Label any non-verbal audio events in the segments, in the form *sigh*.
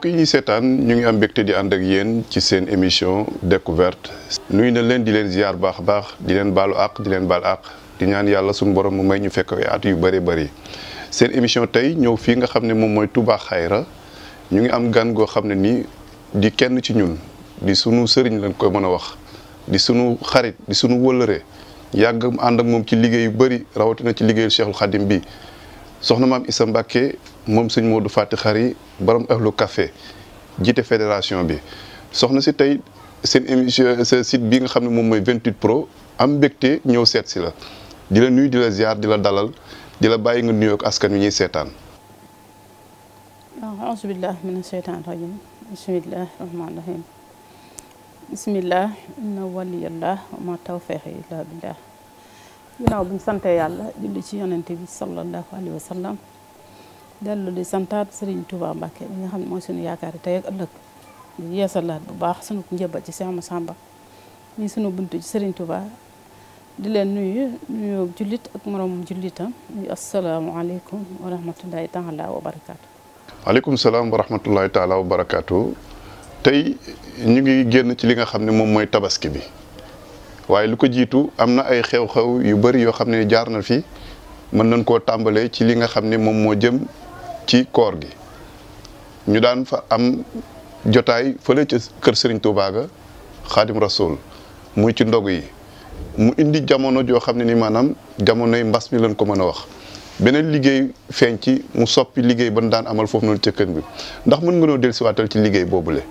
mbokk yi ñuy seetaan ñu ngi am mbégte di ànd ak yéen ci seen émission découverte nuyu na leen di leen ziar baax a baax di leen baalu àq di leen baal àq di ñaan yàlla suñu borom mu may ñu fekk ay at yu bëree bëri seen émission tey ñëw fii nga xam ne moom mooy Touba Xayra ñu ngi am gan goo xam ne nii di kenn ci ñun di sunu sëriñ lañ koy mën a wax di sunu xarit di sunu wëllëre yàgg ànd ak moom ci liggéey yu bëri rawatina ci liggéeyu Cheikhul Khadim bi soxna maam Issa Mbacké moom sëñ Modou Faty xari borom ahlu kafe jiite fédération bi soxna si tey seen émission sa site bi nga xam ne moom mooy 28 pro am mbégte ñëw seet si la di la nuyu di la di la dalal di la bàyyi nga nuyoo ak askan wi ñuy seetaan. aouzu ah, billah mina sheytaan rajim bismillah rahmaan rahim bismillah inna waliyallah wa ma tawfiqi illa billah ginnaaw bu ñu sante yàlla julli ci yonente bi sallallahu alayhi wa sallam dellu di santaat Serigne Touba Mbacke mi mooy suñu yaakaar yi tey ak ëllëg bu baax sunu njëbal ci Cheikh Massamba mi sunu buntu ci Serigne Touba di leen nuyu nuyu jullit ak moroom jullitam ñu asalaamaaleykum wa rahmatullahi taala wa barakaatu. waaleykum salaam wa rahmatullahi wa barakaatu tey ñu ngi génn ci li nga xam ne moom mooy tabaski bi waaye lu ko jiitu am na ay xew-xew yu bari yoo xam ne jaar na fi mën nañ koo tàmbalee ci li nga xam ne moom moo jëm. ci koor gi ñu daan fa am jotaay fële ca kër Serigne Touba ga xaadim muy ci ndog yi mu indi jamono joo xam ne ni maanaam jamonoy mbas mi lañ ko mën a wax beneen liggéey feeñ ci mu soppi liggéey ba nu daan amal foofu noonu ca kër bi ndax mën nga noo dellusiwaatal ci liggéey boobule.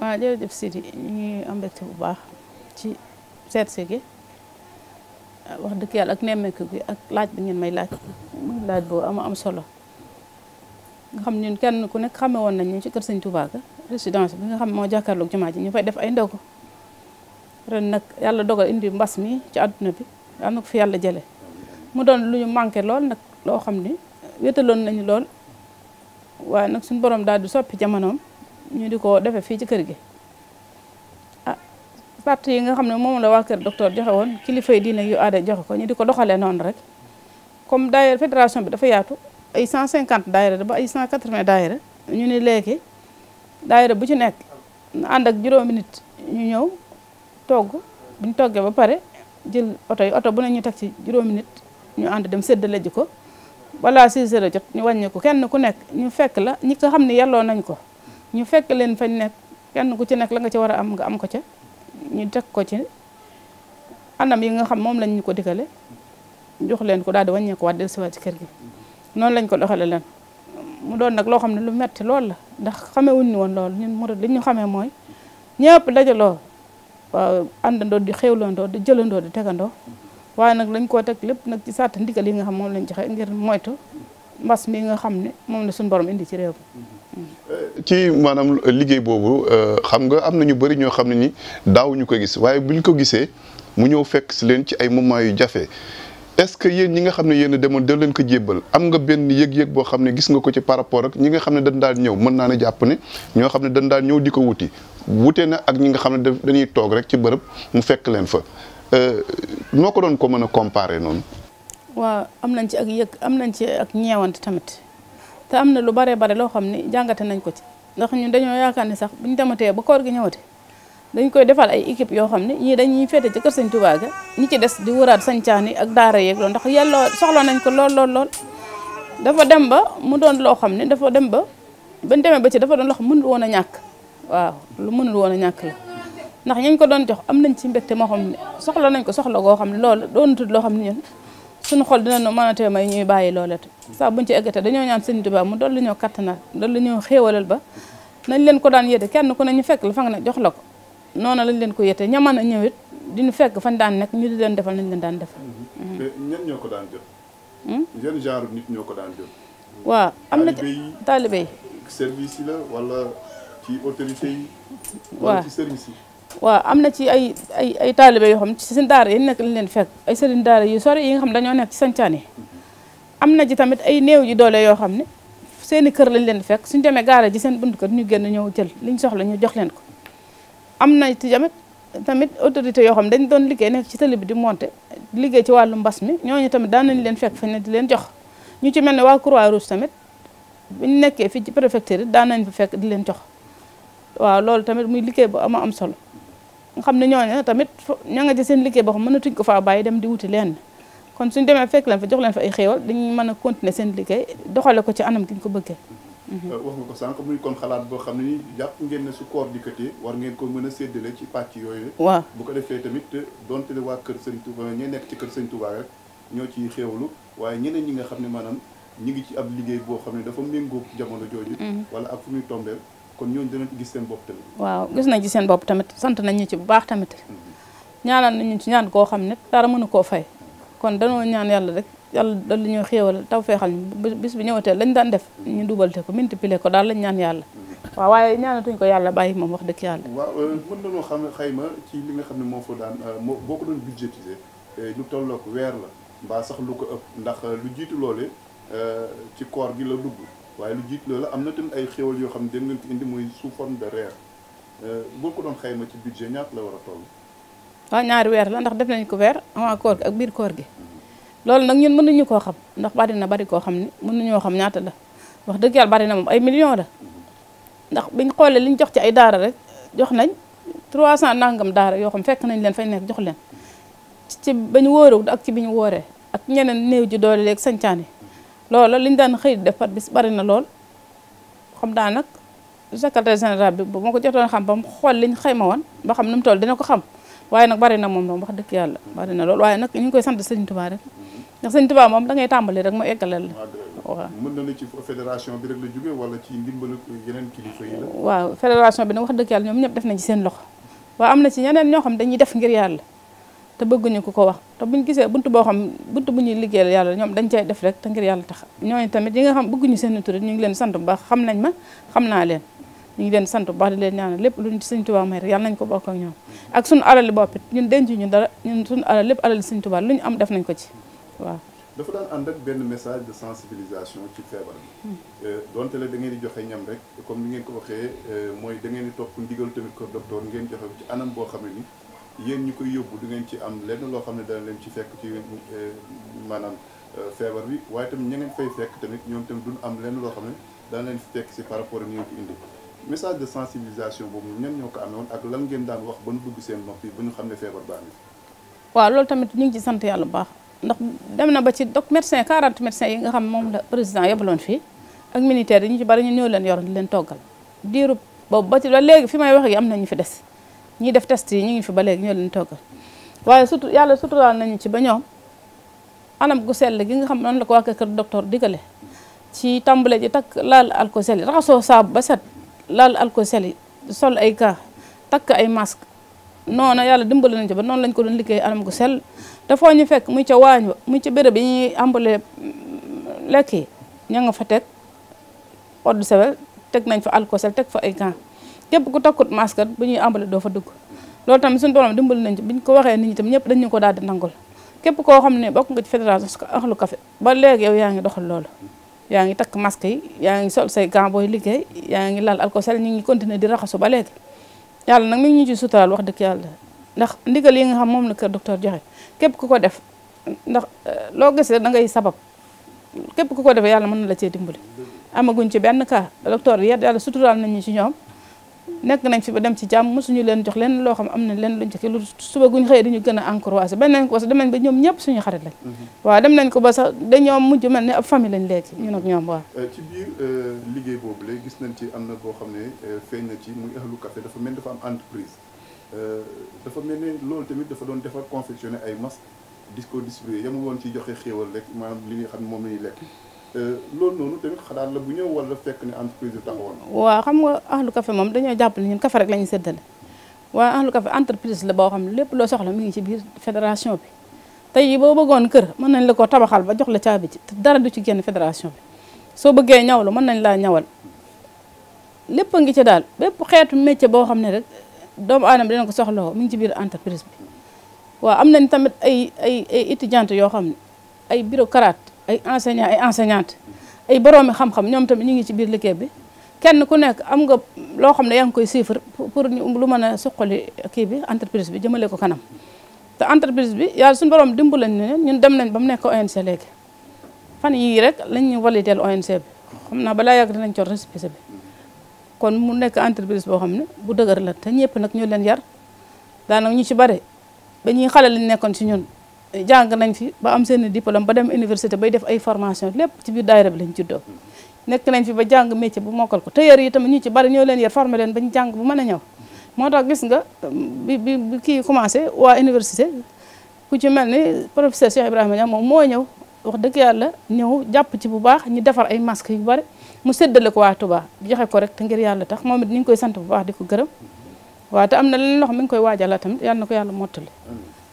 waaw jërëjëf Sidi ñu ngi am mbégte bu baax wax dëgg yàlla ak nemmeeku gi ak laaj bi ngeen may laaj muy laaj boo ama am solo nga xam ñun kenn ku nekk xame woon nañ ñu ci kër sëñ Touba ga bi nga xam moo jàkkaarloog jumaa ji ñu fay def ay ndogu ren nag yàlla dogal indi mbas mi ci àdduna bi am na ko fi yàlla jële mu doon lu ñu manqué lool nag loo xam ni wéetaloon nañu lool waaye nag suñu borom daal di soppi jamonoom ñu di ko defee fii ci kër gi pacte yi nga xam ne moom la waa kër docteur joxe woon kilifa yi diine yu aada joxe ko ñu di ko doxalee noonu rek comme daayira fédération bi dafa yaatu ay cent 150 daayira ba ay cent 180 daayira ñu ni léegi daayira bu ci nekk ànd ak juróomi nit ñu ñëw togg ñu toggee ba pare jël oto yi oto bu ne ñu teg ci juróomi nit ñu ànd dem séddale ji ko balaa 6 heures jot ñu wàññi ko kenn ku nekk ñu fekk la ñi nga xam ne yelloo nañ ko ñu fekk leen fañ nekk kenn ku ci nekk la nga ci war a am nga am ko ca ñu teg ko ci anam yi nga xam moom lañ ñu ko digale jox leen ko daal di wàññeeku waat dellusiwaat ci kër gi noonu lañ ko doxale len mu doon nag loo xam ne lu metti lool la ndax xamewuñ ni woon loolu ñun murid li ñu xamee mooy ñëpp dajaloo waaw àndandoo di xewlandoo di jëlandoo di tegandoo waaye nag lañ koo teg lépp nag ci sàtt ndigal yi nga xam moom lañ joxe ngir moytu mbas mi nga xam ne moom la suñu borom indi ci réew ci maanaam liggéey boobu euh, xam nga am na ñu bëri ñoo xam ne ni daawuñu ko gis waaye bu ñu ko gisee mu ñëw fekk si leen ci ay moments yu jafe. est-ce que yéen ñi nga xam ne yéen a demoon leen ko jébbal am nga benn yëg-yëg boo xam ne gis nga ko ci par rapport ak ñi nga xam ne daan ñëw mën naa ne jàpp ne ñoo xam ne dañ daan ñëw di ko wuti wute na ak ñi nga xam dañuy toog rek ci bërëb mu fekk leen fa euh, noo ko doon ko mën a comparer noonu. waaw am nañ ci ak yëg tamit. te am na lu baree bare loo xam ni jàngate nañ ko ci ndax ñun dañoo yaakaar ni sax bu ñu dematee ba koor gi ñëwate dañ koy defal ay équipe yoo xam ne ñii dañuy féete ci kër Sëñ Tuubaa ga ñi ci des di wëraat sañcaan ak daara yeeg ndax yàlla soxla nañ ko lool lool lool dafa dem ba mu doon loo xam ne dafa dem ba bañ demee ba ci dafa doon loo xam mënul woon a ñàkk waaw lu mënul woon a ñàkk la ndax ñañ ko doon jox am nañ ci mbégte moo xam ne soxla nañ ko soxla goo xam ne loolu doonatul loo xam ne ñun suñu xol dina nu mënatee may ñuy bàyyi loola te saa buñ ci eggatee dañoo ñaan sëñ Tuubaa mu dolli ñoo kattanal dolli ñoo xéewalal ba nañ leen ko daan yete kenn ku ne ñu fekk la fa ne jox la ko noonu lañ leen ko yete ña mën a ñëw it di ñu fekk fan daan nekk ñu di leen defal nañ leen daan defal. Mhm. ñan ñoo ko daan jot. Hmm? yan genre nit ko daan jot. waaw am na ci taalibe yi service yi la wala ci autorité yi. waaw service yi. waaw am na ci ay ay ay taalibe yoo xam ci seen daara yi nekk lañ leen fekk ay sëriñ daara yu sori yi nga xam dañoo nekk ci sancaan yi am na ci tamit ay néew ji doole yoo xam ne seeni kër lañ leen fekk suñ demee gaara ji seen bunt kër ñu génn ñëw jël liñ soxla ñu jox leen ko am na ci tamit tamit autorité yoo xam dañ doon liggéey nekk ci tali bi di monter liggéey ci wàllu mbas mi ñooñu tamit daan nañ leen fekk fa ne di leen jox ñu ci mel ne waa Croix Rouge tamit buñ nekkee fii ci préfecture yi daan nañ fa fekk di leen jox waaw loolu tamit muy liggéey bu ama am solo xam ne ñooñu tamit ña nga ci seen liggéey boo xam mënatuñ ko faa bàyyi dem di wuti leen kon suñ demee fekk leen fa jox leen fa ay xéewal dañu mën a continuer seen liggéey ko ci anam ko bëggee euh, wax nga ko sànq muy kon xalaat boo xam ne ni jàpp ngeen ne su war ngeen ko mën a séddale ci pàcc yooyu waaw ko defee tamit euh, donte ne waa kër sëñ Touba ñi nekk ci kër sëñ ñoo ciy xéewlu waaye ñeneen ñi nga xam ne maanaam ñi ngi ci ab liggéey boo xam ne dafa méngóog jamono jooju mm-hmm. wala ak fu muy tombeel kon ñooñu dinañ gis seen bopp tamit. waaw gis nañ ci seen bopp tamit sant nañ ñu ci bu baax tamit mhm. ñaanal nañu ci ñaan koo xam ne dara mënu koo fay kon danoo ñaan yàlla rek yàlla dal li ñuy xéewal taw feexal ñu bis bi ñëwatee lañ daan def ñu dubalte ko minti multiplier ko daal lañ ñaan yàlla mhm. waaw waaye ñaanatuñ ko yàlla bàyyi moom wax dëgg yàlla waaw euh, mën nañoo xam xayma ci li nga xam ne moo fa daan euh, moo boo ko doon budgétiser euh, lu tolloog weer la mbaa sax lu ko ëpp ndax lu jiitu loole ci koor gi la dugg waaye lu jiit loola am na tamit ay xéwal yoo xam ne dégg ngeen ko indi muy sous forme de reer euh, boo ko doon xayma ci budget ñaata la war a toll. waaw ñaari weer la ndax def nañ ko weer avant koor gi ak biir koor gi mhm. loolu nag ñun mënuñu koo xam ndax bari na bari koo xam ne mënuñoo xam ñaata la wax dëgg yàlla bari na moom ay millions la mhm. ndax biñ xoolee liñ jox ci ay daara rek jox nañ trois 300 nangam daara yoo xam fekk nañ leen fay nekk jox leen ci bañu wóorewut ak ci bi ñu wooree ak ñeneen néew ji doole leeg sañcaan loola liñ daan xëy def par bis bari na lool xam daan nag secrétaire général bi bu ko ko jotoon xam ba mu xool liñ ma woon ba xam nu mu toll dina ko xam waaye nag bari na moom moom wax dëgg yàlla bari na lool waaye nag ñu ngi koy sant sëñ Tuubaa rek ndax moom da ngay tàmbali rek mu eggalal la ah, waaw ci fédération bi rek la jóge wala ci ndimbalu yeneen bi nag wax dëgg yàlla ñoom ñëpp def nañ ci seen loxo waaw am na ci ñeneen ñoo xam dañuy def ngir yàlla te bëgguñu ku ko wax te buñ gisee bunt boo xam bunt bu ñuy liggéeyal yàlla ñoom dañ cay def rek te ngir yàlla tax ñooñu tamit yi nga xam bëgguñu seen tur ñu leen sant bu baax xam nañ xam naa leen ngi leen sant bu baax di leen ñaanal lépp luñ Sëñ Tuubaa may rek yàlla ko bokk ak ñoom ak suñu alali bopp it ñun ñun suñu lépp alali Sëñ ñu am def nañ ko ci waaw dafa daan ànd ak benn message sensibilisation ci feebar bi hmm. euh, la da ngeen di joxe ñam rek comme ni ngeen ko waxee euh, mooy da ngeen di topp tamit ko docteur ngeen joxe ci anam boo xam yéen ñu koy yóbbu du ngeen ci am lenn loo xam ne dana leen ci fekk ci eh, maanaam eh, feebar bi waaye tamit ña ngeen fay fekk tamit ñoom tamit duñ am loo xam ne dana leen fekk si par rapport ak ñu ko boobu ñan ñoo ko amee woon ak lan ngeen daan wax ba ñu dugg seen nopp yi ba ñu xam ne feebar baa ngi waaw loolu tamit ñu ngi ci sant yàlla bu baax ndax dem na ba ci doc médecin 40 médecins yi nga xam moom la président yebaloon fii ak militaire yi ñu ci bari ñu ñëw leen yor di leen toggal diiru boobu ba ci ba léegi fi may wax gi am na ñu fi des. ñiy def test yi ñu ngi fi ba léegi ñoo leen toggal waaye surtout yàlla suturaal nañu ci ba ñoom anam gu sell gi nga xam noonu la ko waa kër docteur digale ci tàmbale ji takk laal alcosel yi raxasoo saabu ba set laal alcosel yi sol ay kaa takk ay masque noonu yàlla dimbali nañu ci ba noonu lañ ko doon liggéey anam gu sell te foo ñu fekk muy ca waañ ba muy ca béréb yi ñuy ambale lekk yi ña nga fa teg eau de javel teg nañ fa alcosel teg fa ay kaa képp ku takkut masque bu ñuy ambale doo fa dugg loolu tamit suñu borom dimbali nañ ci biñ ko waxee nit ñi tam ñëpp dañu ko daal di nangul képp koo xam ne bokk nga ci fédération Ahlou Café ba léegi yow yaa ngi doxal loolu yaa ngi takk masque yi yaa ngi sol say gants booy liggéey yaa ngi laal alcool sel ñu ngi continuer di raxasu ba léegi yàlla nag mi ngi ñu ci suturaal wax dëgg yàlla ndax ndigal yi nga xam moom la kër docteur joxe képp ku ko def ndax eh, loo gisee da ngay sabab képp ku ko defee yàlla mën na la cee dimbali amaguñ ci benn cas docteur yi yàlla suturaal nañ ñu ci ñoom nekk nañ fi ba dem ci jàmm suñu leen jox leen loo xam am na leen luñ ci lu suba guñ xëyee dañu gën a encouragé bañ nañ ko sax dem nañ ba ñoom ñëpp suñu xarit lañ mhm. waaw dem nañ ko ba sax dañoo mujj mel ne ab famille lañ léegi ñun ak ñoom waaw euh, ci biir euh, liggéey boobu léegi gis nañ ci am na boo xam ne euh, feeñ na ci muy ahlu café dafa mel dafa am entreprise dafa mel ne loolu tamit dafa doon defar confectionné ay masques di ko yamul woon ci joxee xéewal rek maanaam li nga xam ne moom la ñuy lekk Euh, loolu noonu tamit xalaat la bu ñëw wala fekk ne entreprise taxawoon waaw xam nga ahlu café moom dañoo jàpp ne ñun café rek la ñuy séddale waaw ahlu entreprise la boo xam ne lépp loo soxla mi ngi ci biir fédération bi tey boo bëggoon kër mën nañ la ko tabaxal ba jox la caabi ci dara du ci génn fédération bi soo bëggee ñawlu mën nañ laa ñawal lépp a ngi ci daal bépp xeetu métier boo xam ne rek doomu aadama dina ko soxlawoo mi ngi ci biir entreprise bi waaw am nañ tamit ay ay ay yoo xam ne ay bureaucrate ay enseignants ay enseignantes ay boroomi xam-xam ñoom tamit ñu ngi ci biir liggéey bi kenn ku nekk am nga loo xam ne yaa ngi koy chiffre pour lu man a suqali kii bi entreprise bi jëmale ko kanam te entreprise bi yàlla suñu borom dimbali nañu ñun dem nañ ba mu nekk ONC léegi fan yii rek lañ ñu valideel ONC bi xam naa balaa yàgg dinañ cor récépissé bi kon mu nekk entreprise boo xam ne bu dëgër la te ñëpp nag ñu leen yar daanaka ñu ci bare ba ñuy xale lañ nekkoon si ñun jàng nañ fi ba am seen diplôme ba dem université bay def ay formation lépp ci biir daayira bi lañ juddoo nekk nañ fi ba jàng métier bu mokkal ko tailleur yi tamit ñu ci bari ñoo leen yar formé bu mën a moo tax gis nga bi bi kii commencé waa université ku ci mel ni professeur Cheikh Ibrahima Niang moom moo ñëw wax dëgg yàlla ñëw jàpp ci bu baax ñu defar ay masques yu bari mu séddale ko waa Touba joxe ko rek te ngir yàlla tax moom it ñu ngi koy sant bu baax di ko gërëm waaw te am na leneen loo xam mi ngi koy waajala tamit yàlla na ko yàlla mottali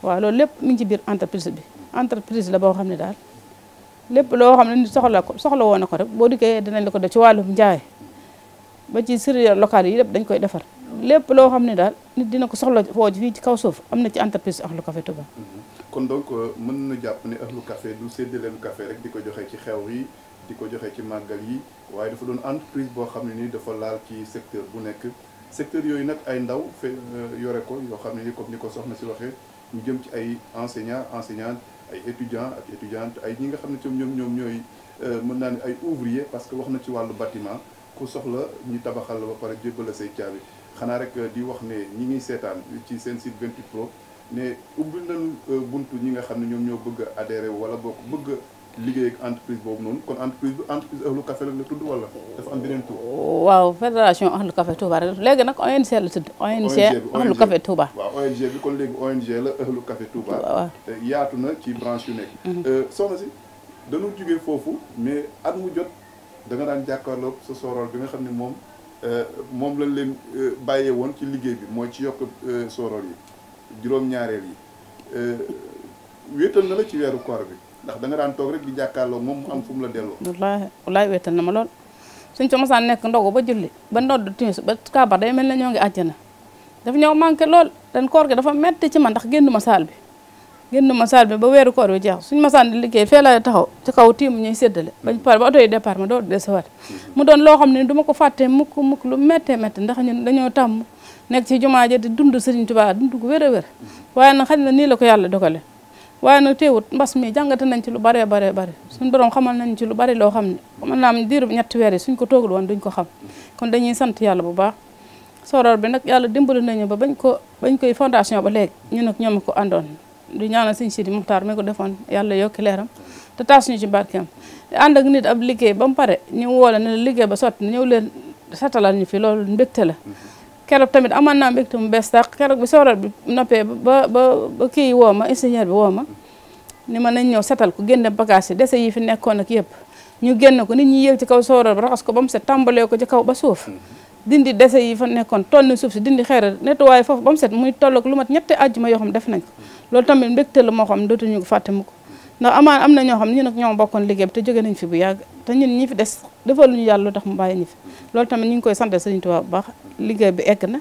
waaw loolu lépp mi ngi ci biir entreprise bi entreprise la boo xam ne daal lépp loo xam ne nit soxla ko soxla woon na ko rek boo dikkee dinañ la ko def ci wàllum njaay ba ci céréales locales yi lépp dañ koy defar lépp loo xam ne daal nit dina ko soxla foo fii ci kaw suuf am na ci entreprise Ahlu Café Touba mhm. kon donc euh, mën na jàpp ne Ahlu Café du séddaleelu café rek di ko joxe ci xew yi di ko joxe ci màggal yi waaye dafa doon entreprise boo xam ne nii dafa laal ci secteur bu nekk yooyu nag ay ndaw euh, yore ko yoo xam ne ni comme ni ko soxna si waxee ñu jëm ci ay enseignants enseignantes ay étudiants ak étudiantes ay ñi nga xam ne ci ñoom ñoom ñooy euh, mën naa ne ay ouvrier parce que wax na ci wàllu bâtiment ku soxla ñu tabaxal la ba pare jébbal la say caabi xanaa rek euh, di wax ne ñi ngi seetaan ci seen site 28 pro ne ubbil nañu euh, bunt ñi nga xam ne ñoom ñoo bëgg a adhéré wala bokk bëgg liggéey ak entreprise boobu noonu kon entreprise bi entreprise Euhlou Café la tudd wala dafa am beneen tur. Oh, waaw fédération Euhlou Café Touba léegi nag ONG la tudd. ONG Euhlou Café Touba. waaw ONG bi kon léegi ONG la Euhlou Café Touba. waaw eh, yaatu na ci branche yu nekk. Mhm. Euh, soxna si dañu jugee foofu mais at mu jot da nga daan jàkkaarloog sa soorool bi nga xam ne moom euh, moom lañ leen euh, bàyyee woon ci liggéey bi mooy ci yokk soorool yi juróom-ñaareel yi wéetal na la ci weeru koor bi. ndax da nga daan toog rek di jàkkaarloo moom mu am fu la delloo. wallaahi wallaahi na ma lool suñ ca mosaan nekk ndogu ba julli ba ndodd timis ba kaabar day mel na ñoo ngi àjjana dafa ñëw manqué lool ren koor gi dafa metti ci man ndax génn ma saal bi génn ma saal bi ba weeru koor bi suñ masaan di liggéey fee la taxaw ci kaw tiim ñuy séddale bañ pare ba oto yi départ ma doo desewaat mu doon loo xam ne du ma ko fàttee muk mukk lu méttee métti ndax ñun dañoo tàmm nekk ci jumaa ja di dund Sëriñ Tuubaa dund ko wér a wér waaye nag xañ na nii la ko yàlla dogale waaye na teewut mbas mi jàngate nañ ci lu baree baree bare suñ borom xamal nañ ci lu bari loo xam ne mën naa am diiru ñetti weer yi suñ ko toogul woon duñ ko xam kon dañuy sant yàlla bu baax soror bi nag yàlla dimbali nañu ba bañ ko bañ koy fondation ba léegi ñu nag ñoom ko àndoon du ñaanal sëñ Sidi Muxtaar mi ko defoon yàlla yokki leeram te taas ñu ci barkeem ànd ak nit ab liggéey ba mu pare ñu woo la ne liggéey ba sotti ñëw leen setalal ñu fi loolu mbégte la keroog tamit amoon naa mbégte mu bees tàq keroog bi sooral bi noppee ba ba ba kii woo ma ingénieur bi woo ma ni ma nañ ñëw setal ko génne bagage yi dese yi fi nekkoon na yëpp ñu génn ko nit ñi yéeg ci kaw sooral bi raxas ko ba mu set tàmbalee ko ci kaw ba suuf mm-hmm. dindi dese yi fa nekkoon tonni suuf si dindi xeer nettoyé foofu ba mu set muy tolloog lu mat ñetti àjjuma yoo xam def nañ ko mm-hmm. loolu tamit mbégte la moo xam dootuñu ko fàtte ko ndax amaan am na ñoo xam ñu nag ñoom bokkoon liggéey te jóge nañ fi bu yàgg te ñun ñi fi des defalu ñu yàlla lu tax mu bàyyi ñu fi loolu tamit ñu ngi koy sant Sëriñ Tuubaa bu baax liggéey bi egg na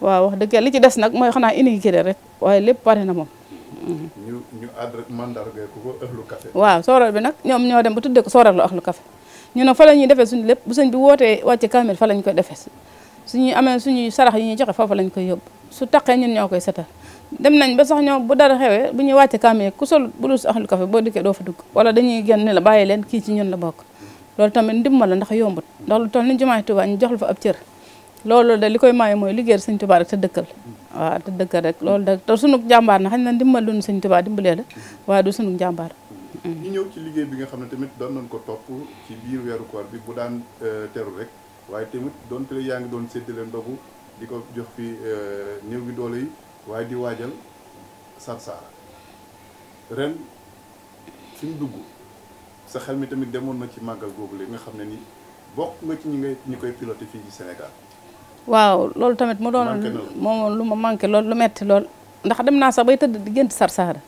waaw wax dëgg ci des nag mooy xanaa uniquité rek waaye lépp pare na moom. ñu ñu ànd bi nag ñoom ñoo dem ba tuddee ko sooral lu ëxlu café ñu ne fa la ñuy defee suñu lépp bu sëñ bi wootee wàcce kaamil fa la ñu koy defee suñuy amee suñuy sarax yi ñuy joxe foofu la ñu koy yóbbu su taqee ñun ñoo koy setal dem nañ ba sax ñoom bu dara xewee bu ñuy kaam kaamee ku sol bulus axlu café boo dikkee doo fa dugg wala dañuy génn ne la bàyyi leen kii ci ñun la bokk loolu tamit ndimbal la ndax yombut ndax lu toll ni jumaay Tuubaa ñu jox la fa li koy maaye mooy liggéeyal sëñ Tuubaa rek te dëkkal waaw te dëkkal loolu de te sunu jàmbaar na xañ na ndimbal lu ñu sëñ Tuubaa dimbalee la waaye du sunu jàmbaar mm. ñu ñëw ci liggéey bi nga xam ne tamit doon nañ ko topp ci biir bi bu daan euh, teru waaye tamit doon yaa ngi doon séddale ndogu di ko jox fi euh, néew gi doole yi waaye di waajal Sarsara ren fi mu dugg sa xel mi tamit demoon na ci màggal googu li nga xam ne ni bokk nga ci ñi ngay ñi koy piloté fii ci Sénégal. waaw loolu tamit mu doon moom lu ma manqué lool lu metti lool. ndax dem naa sax bay tëdd di gént Sarsara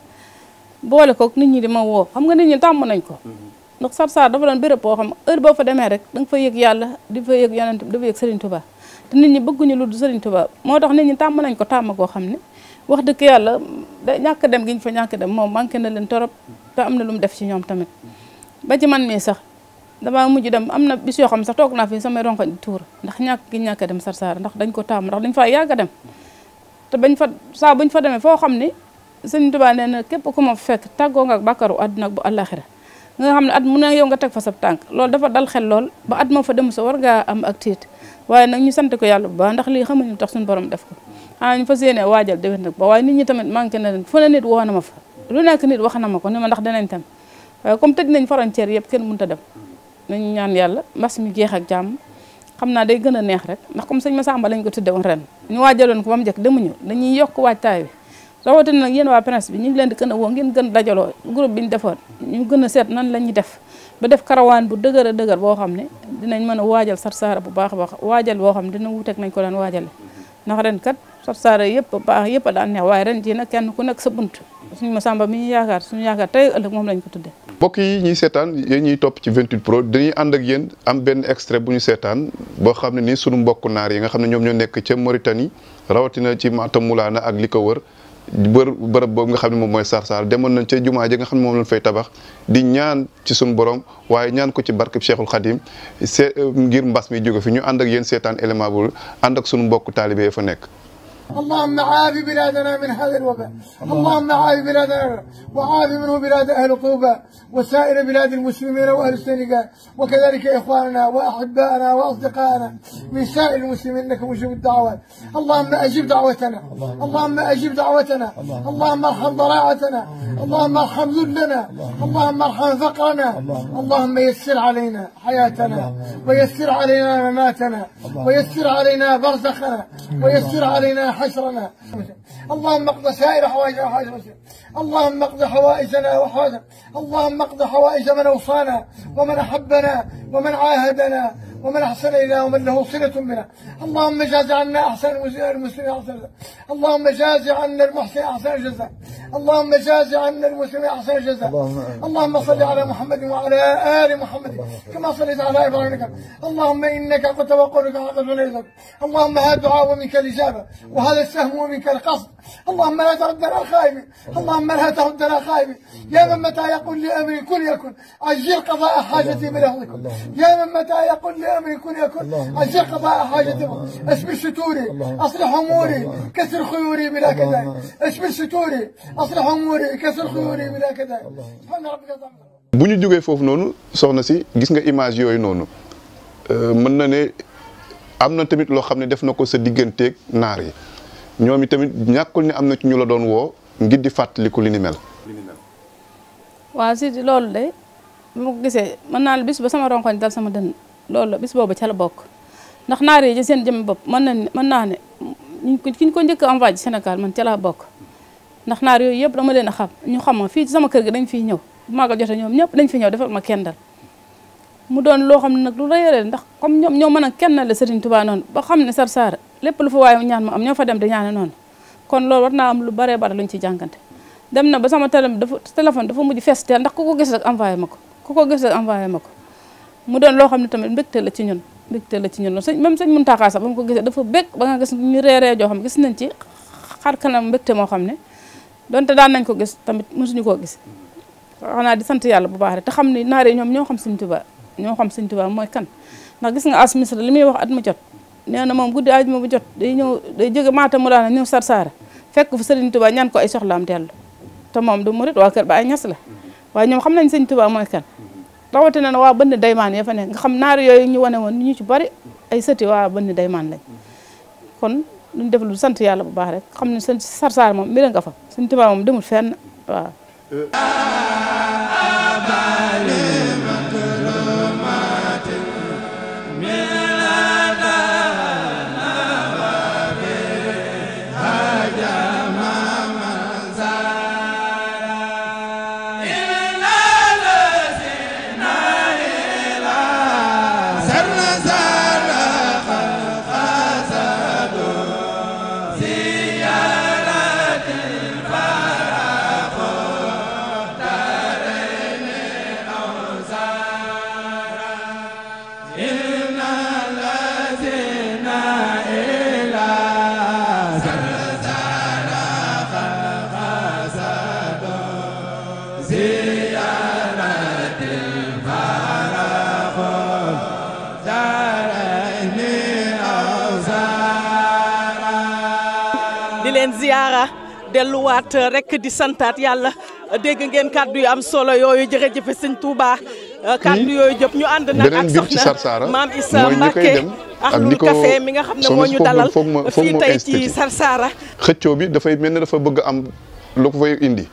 boole kook nit ñi di ma woo xam nga nit ñi tàmm nañ ko. Mhm. ndax Sarsara dafa doon béréb boo xam heure boo fa demee rek da fa yëg yàlla di fa yëg yonent di fa yëg nit ñi bëgguñu lu du Serigne Touba moo tax nit ñi tàmm nañ ko tàmm koo xam ne. wax dëgg yàlla da ñàkk dem gi ñu fa ñàkk dem moom manqué na leen torop te am na lu mu def ci ñoom tamit ba ci man mii sax damaa mujj dem am na bis yoo xam sax toog naa fi samay ronkoñ tuur ndax ñàkk gi ñàkk dem Sarsara ndax dañ ko taam ndax dañ fa yàgg dem te bañ fa saa buñ fa demee foo xam ni sëñ Tuubaa nee na képp ku ma fekk tàggoo nga ak bàkkaru àdduna ak bu àllaaxira nga xam ne at mu na yow nga teg fa sab tànk loolu dafa dal xel lool ba at ma fa dem sa war ngaa am waaye nag ñu sant ko yàlla bu baax ndax lii xamuñu tax suñu borom def ko ah ñu fas yéene waajal déwén nag ba waaye nit ñi tamit manqué na leen fu ne nit woo na ma fa lu nekk nit wax na ma ko ni ma ndax danañ tam waaye comme tëj nañ frontière yëpp kenn mënut a dem nañu ñaan yàlla mbas mi jeex ak jàmm xam naa day gën a neex rek ndax comme sëñ Massamba lañ ko tudde woon ren ñu waajaloon ko ba mu njëkk demuñu dañuy yokk waajtaay bi rawatina nag yéen waa presse bi ñu ngi leen di gën a woo ngeen gën dajaloo groupe bi ñu defoon ñu gën a seet nan la ñuy def ba def karawaan bu dëgër a dëgër boo xam ne dinañ mën a waajal Sarsara bu baax a baax waajal boo xam ne dina wuuteeg nañ ko daan waajale ndax ren kat sar saara yëpp yëpp a daan neex waaye ren jii nag kenn ku nekk sa bunt suñu Masamba mi ñu yaakaar suñu yaakaar tey ëllëg moom lañ ko tuddee mbokk yi ñuy seetaan yéen ñuy topp ci 28 pro dañuy ànd ak yéen am benn extrait bu ñu seetaan boo xam ne nii suñu mbokk naar yi nga xam ne ñoom ñoo nekk ca Mauritanie rawatina ci Matam Mulaana ak li ko wër bër bërëb boobu nga xam ne moom mooy Sarsara demoon nañ ca jumaa ji nga xam ne moom lañ fay tabax di ñaan ci suñu borom waaye ñaan ko ci barkeb Cheikhul Khadim se ngir mbas mi jóge fi ñu ànd yéen seetaan élément bu ànd ak suñu mbokk taalibe fa nekk اللهم عاف بلادنا من هذا الوباء اللهم عاف بلادنا وعاف منه بلاد أهل طوبى وسائر بلاد المسلمين وأهل السنغال وكذلك إخواننا وأحبائنا وأصدقائنا من سائر المسلمين إنك مجيب الدعوات اللهم أجب دعوتنا اللهم أجب دعوتنا اللهم ارحم ضراعتنا اللهم ارحم ذلنا اللهم ارحم فقرنا اللهم يسر علينا حياتنا ويسر علينا مماتنا ويسر علينا برزخنا ويسر علينا حسرنا اللهم اقض سائر حوائجنا وحوائج المسلمين اللهم اقض حوائجنا وحوائجنا اللهم اقض حوائج من اوصانا ومن احبنا ومن عاهدنا ومن أحسن إلينا ومن له صلة منا اللهم جاز عنا أحسن المسلمين أحسن جزاء اللهم جاز عنا المحسن أحسن جزاء اللهم جاز عنا المسلمين أحسن جزاء اللهم صل على محمد وعلى آل محمد كما صليت على إبراهيم اللهم إنك قلت وقولك عقد وليسك اللهم هذا الدعاء ومنك الإجابة وهذا السهم ومنك القصد اللهم لا ترد على خائبي اللهم لا ترد على خائبي يا من متى يقول لأمري كن يكن عجل قضاء حاجتي من أهلكم يا من متى يقول امري كن bu ñu jógee foofu noonu soxna si gis nga image yooyu noonu euh, mën na ne am na tamit loo xam ne def na ko sa digganteeg naar yi ñoom tamit ñàkkul ne am na ñu la doon woo ngir di fàttaliku li ni si loolu de mu gisee mën naa la bis ba sama ronkoñ dal sama dënn. loolu la bis boobu ca la bokk ndax naar yi seen jëm bopp mën nañ mën naa ne ki ñu ko njëkk a envoyé man ca bokk ndax naar yooyu yëpp dama leen a xam ñu xam ma fii sama kër gi dañ fi ñëw bu maa ko jotee ñëpp dañ fi ñëw defal ma kendal mu doon loo xam ne nag lu rëyale ndax comme ñoom ñoo mën a kenn la Serigne Touba noonu ba xam ne Sarsara lépp lu fa waaye ñaan mu am ñoo fa dem di ñaane noonu kon loolu war naa am lu baree bare luñ ci jàngante dem na ba sama téléphone dafa téléphone dafa mujj fees teel ndax ku ko gis rek envoyé ma ko ku ko gis rek envoyé ma ko mu doon loo xam ne tamit mbégte la ci ñun mbégte la ci ñun sëñ même sëñ Muntaxa sax ba mu ko gisee dafa bég ba nga gis moo xam ne donte daan nañ ko gis tamit mosuñu koo gis xanaa di sant yàlla bu baax rek te xam ne naar ñoom ñoo xam sëñ Tuubaa ñoo xam sëñ Tuubaa mooy kan ndax gis nga as misra li muy wax at mu jot nee na moom guddi ajuma bu jot day ñëw day jóge maata mu daana sa sarsaara fekk fu sëriñ Tuubaa ñaan ko ay soxlaam dellu te moom du murit waa kër ba ay ñas la waaye ñoom xam nañ sëñ Tuubaa mooy kan rawatina na waa bënn daymaan ya fa ne nga xam naar yooyu ñu wane woon ñu ci bari ay sëti waa bënn daymaan lañ kon luñ def lu sant yàlla bu baax rek xam ne seen sarsaar moom mbir nga fa suñ tubaab moom demul fenn waaw jaara delluwaat euh, santaat yàlla dégg ngeen kàddu yu am solo yooyu jërëjëf sëñ Touba. Euh, ñu ànd nag ak soxna maam Issa nga xam ne moo ñu dalal fii tey ci Sarsara. xëccoo bi dafay mel ne dafa bëgg am lu ko fay indi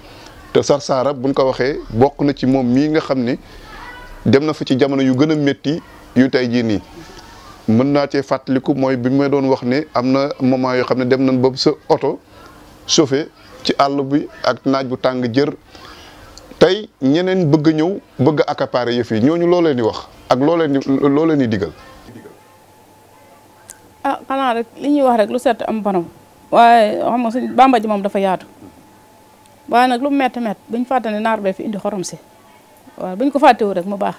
te Sarsara buñ ko waxee bokk na ci moom mii nga xam ne dem na fa ci jamono yu gën a métti yu tey jii nii. mën naa cee fàttaliku mooy bi ma doon wax ne am na moment yoo xam ne dem nañ ba sa oto. chauffé ci àll bi ak naaj bu tàng jër tey ñeneen bëgg ñëw bëgg a accaparer yëf yi ñooñu loo leen di wax ak loo leen di loo di digal. ah xanaa rek li ñuy wax rek lu set am banam waaye xam nga suñ bàmba ji moom dafa yaatu waaye nag lu métti mett buñ fàtte ne naar bee fi indi xorom si waaw buñ ko fàttewul rek mu baax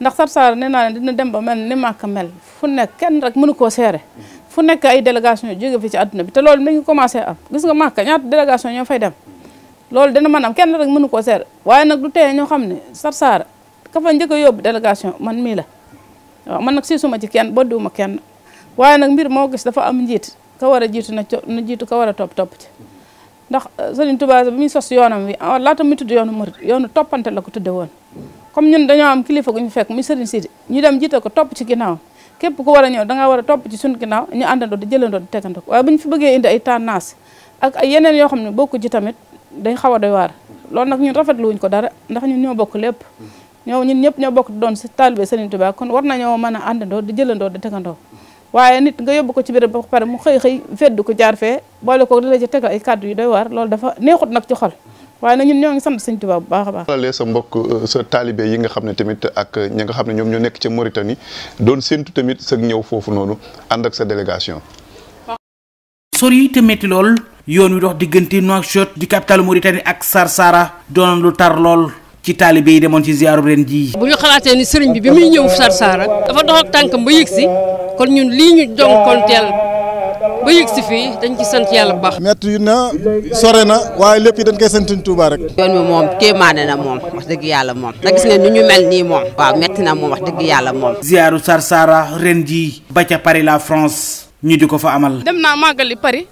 ndax Sarsara nee naa ne dina dem ba mel ni màkk mel fu nekk kenn rek mënu koo seere. fu nekk ay délégation jóge fi ci àdduna bi te loolu mi ngi commencé am gis nga Màkka ñaata délégation ñoo fay dem loolu dana mën am kenn rek mënu koo seer waaye nag du teye ñoo xam ne Sarsara ka fa njëkk a yóbbu délégation man mii la waaw man nag siisuma ci kenn boddiwuma kenn waaye nag mbir moo gis dafa am njiit ka war a jiitu na na jiitu ka war a topp topp ci ndax euh, Serigne Touba bi muy sos yoonam wi ah, laata muy tudd yoonu murid yoonu toppante la ko tudde woon comme ñun dañoo am kilifa gu ñu fekk muy Serigne Sidi ñu dem jiite ko topp ci ginnaawam képp ku war a ñëw dangaa war a topp ci suñu ginnaaw ñu àndandoo di jëlandoo di tegandoo waaye bu ñu fi bëggee indi ay tendance ak ay yeneen yoo xam ne bokk ci tamit day xaw a doy waar loolu nag ñun rafetlu wuñ ko dara ndax ñu ñoo bokk lépp ñoo ñun ñëpp ñoo bokk doon si taalibe Serigne Touba kon war nañoo mën a àndandoo di jëlandoo di tegandoo waaye nit nga yóbbu ko ci biir ba pare mu xëy xëy fedd ko jaar fee boole ko di la ci tegal ay kàddu yu doy waar loolu dafa neexut nag ci xol waaye nag ñun ñoo sant sëñ Tuubaa sa mbokk sa taalibe yi nga xam ne tamit ak ñi nga xam ne ñoom ñoo nekk ca Mauritanie doon séntu tamit sa ñëw foofu noonu ànd ak sa délégation sori te metti lool yoon wi dox diggante Nouakchott di capitale Mauritanie ak Sarsara doon lu tar lool ci taalibe yi demoon ci ziaru ren jii. bu ñu xalaatee ni sëriñ bi bi muy ñëw Sarsara dafa dox ak tànkam si kon ñun lii ñu jonkonteel ba yëg si fii dañ ci sant yàlla bu metti na sore na waaye lépp yi dañ koy sant Touba rek. yoon wi moom kéemaane na moom wax dëgg yàlla moom. na gis nga ni ñu mel nii moom. waaw metti na moom wax dëgg yàlla moom. ziaru Sarsara ren jii. ba ca Paris la France ñu di ko fa amal. dem naa màggali Paris.